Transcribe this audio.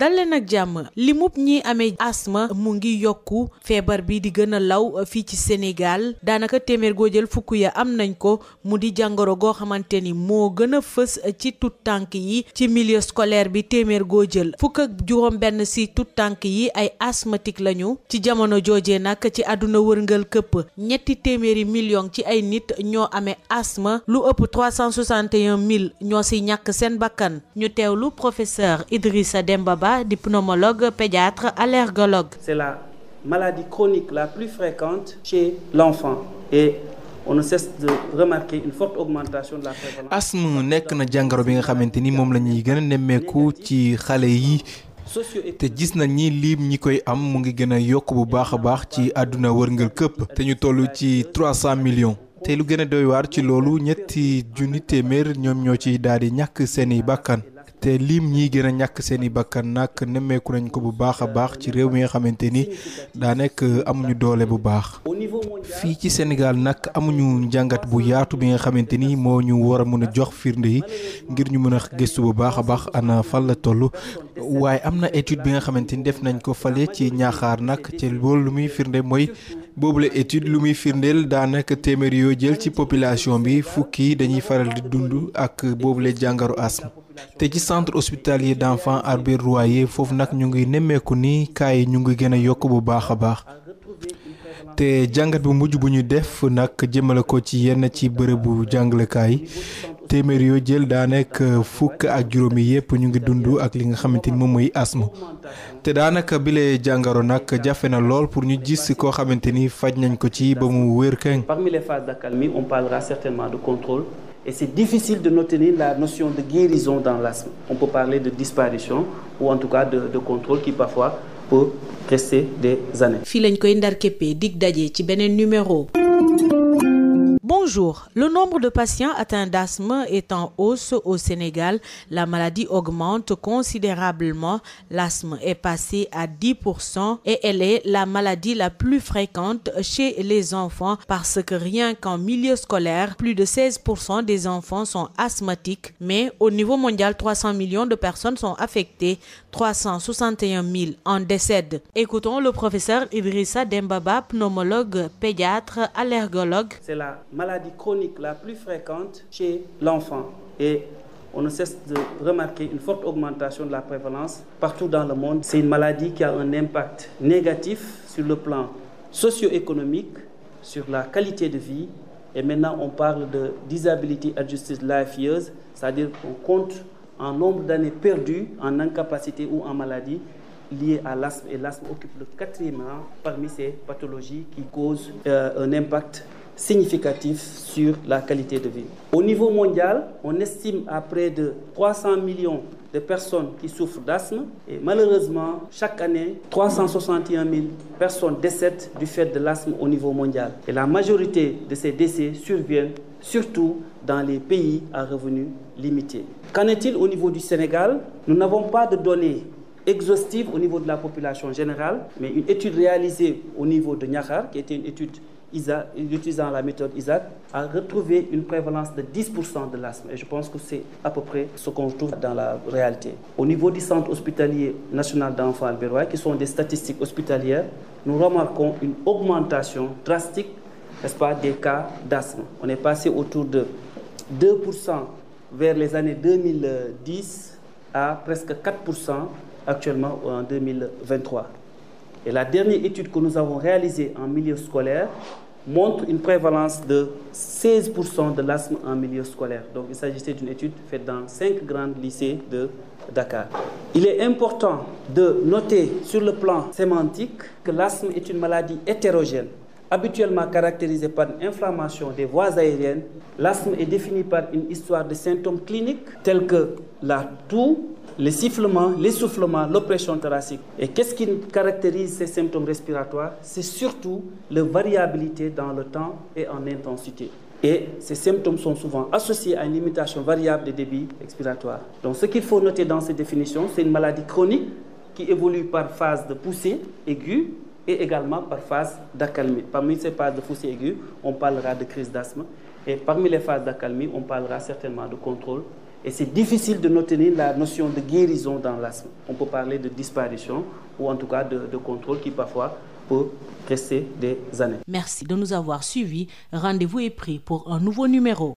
dalee nag jàmm li mub ñi amee asthme mu ngi yokk feebar bi di gën a law uh, fii ci Sénégal daanaka téeméer goo jël fukk ya am nañ ko mu di jàngoro goo xamante ni moo gën a fës uh, ci tut tànk yi ci milieu scolaire bi téeméer goo jël fukk ak juróom benn si tut tànk yi ay asthmatique lañu ci jamono joojee nag ci àdduna wërngal këpp ñetti téeméeri million ci ay nit ñoo amee asthme lu ëpp 361000 ñoo si ñàkk seen bakkan ñu teewlu professeur Idrissa Demba Ba Ba di pneumologue pédiatre allergologue. C'est la maladie chronique la plus fréquente chez l'enfant et on nekk na jàngoro bi nga xamante ni moom la ñuy gën a nemmeeku ci xale yi. te gis nañ ni lim ñi koy am mu ngi gën a yokk bu baax a baax ci àdduna wërngal këpp. te ñu toll ci trois cent millions. te lu gën a doy ci loolu ñetti junni téeméer ñoom ñoo ci daal di ñàkk seeni bàkkan te liim ñi gën a ñàkk seen i nag nemmeeku nañ ko bu baax a baax ci réew mi nga xamante ni daa nekk euh, amuñu doole bu baax. fii ci Sénégal nag amuñu njàngat bu yaatu bi nga xamante ni moo ñu war a mën a jox firnde yi ngir ñu mën a gëstu bu baax a baax ana fan la toll. waaye am na étude bi nga xamante ni def nañ ko fale ci ñaaxaar nag ci loolu lu muy firnde mooy. boobu la étude lu muy firndeel daanaka téeméer yoo jël ci population bi fukki dañuy faral di dund ak boobu boobule jàngaru asthme te ci centre hospitalier d' enfants Albert Royer foofu nag ñu ngi nemmeeku ni cas yi ñu ngi gën a yokk bu baax a baax. te jàngat bu mujj bu ñu def nag jëmale ko ci yenn ci bërëbu jàngalekaay téeméer yoo jël daa nekk fukk ak juróom juróomi yëpp ñu ngi dund ak li nga xamante ni moom mooy asthme te daanaka bile jàngaro nag jafe na lool pour ñu gis koo xamante ni faj nañ ko ci ba mu wér keng. Parmi les phases d'accalmie, on parlera certainement de contrôle. Et de noter la notion de guérison dans l'asthme. On peut parler de disparition pour rester des années. fii lañ koy ndar képpee dig daje ci beneen numéro. Bonjour. Le nombre de patients atteints d'asthme est en hausse au Sénégal. La maladie augmente considérablement. L'asthme est passé à 10% et elle est la maladie la plus fréquente chez les enfants parce que rien qu'en milieu scolaire, plus de 16% des enfants sont asthmatiques. Mais au niveau mondial, 300 millions de personnes sont affectées. 361 000 en décèdent. Écoutons le professeur Idrissa Dembaba, pneumologue, pédiatre, allergologue. C'est maladie chronique la plus fréquente chez l'enfant et on ne cesse de remarquer une forte augmentation de la prévalence partout dans le monde. C'est une maladie qui a un impact négatif sur le plan socio-économique, sur la qualité de vie et maintenant on parle de disability adjusted life years, c'est-à-dire qu'on compte en nombre d'années perdues en incapacité ou en maladie lié à l'asthme et l'asthme occupe le quatrième rang parmi ces pathologies qui causent euh, impact significatif sur la qualité de vie. Au niveau mondial, on estime à près de 300 millions de personnes qui souffrent d'asthme et malheureusement, chaque année, 361 000 personnes décèdent du fait de l'asthme au niveau mondial. Et la majorité de ces décès surviennent surtout dans les pays à revenus limités. Qu'en est-il au niveau du Sénégal Nous n'avons pas de données exhaustive au niveau de la population générale, mais une étude réalisée au niveau de Niakhar, qui était ISAC, utilisant la méthode ISAC, a retrouvé une prévalence de 10% de l'asthme. Et je pense que c'est à peu près ce qu'on retrouve dans la réalité. Au niveau du Centre hospitalier national d'enfants albérois, qui sont des statistiques hospitalières, nous remarquons une augmentation drastique n'est-ce pas, des cas d'asthme. On est passé autour de 2% vers les années 2010 à presque 4% actuellement en 2023. Et la dernière étude que nous avons réalisée en milieu scolaire montre une prévalence de 16% de l'asthme en milieu scolaire. Donc il s'agissait d'une étude faite dans cinq grands lycées de Dakar. Il est important de noter sur le plan sémantique que l'asthme est une maladie hétérogène habituellement caractérisée par une inflammation des voies aériennes, l'asthme est défini par une histoire de symptômes cliniques tels que la toux, le sifflement, l'essoufflement, l'oppression thoracique. Et qu'est-ce qui caractérise ces symptômes respiratoires C'est surtout la variabilité dans le temps et en intensité. Et ces symptômes sont souvent associés à une limitation variable des débits expiratoires. Donc ce qu'il faut noter dans ces de poussée et également par phase d'accalmie. Parmi ces phases de fossé aiguë, on parlera de crise d'asthme et parmi les phases d'accalmie, on parlera certainement de contrôle. Et c'est difficile de noter la notion de guérison dans l'asthme. On peut parler de disparition ou en tout cas de, de contrôle qui parfois peut rester des années. Merci de nous avoir suivis. Rendez-vous est pour un nouveau numéro.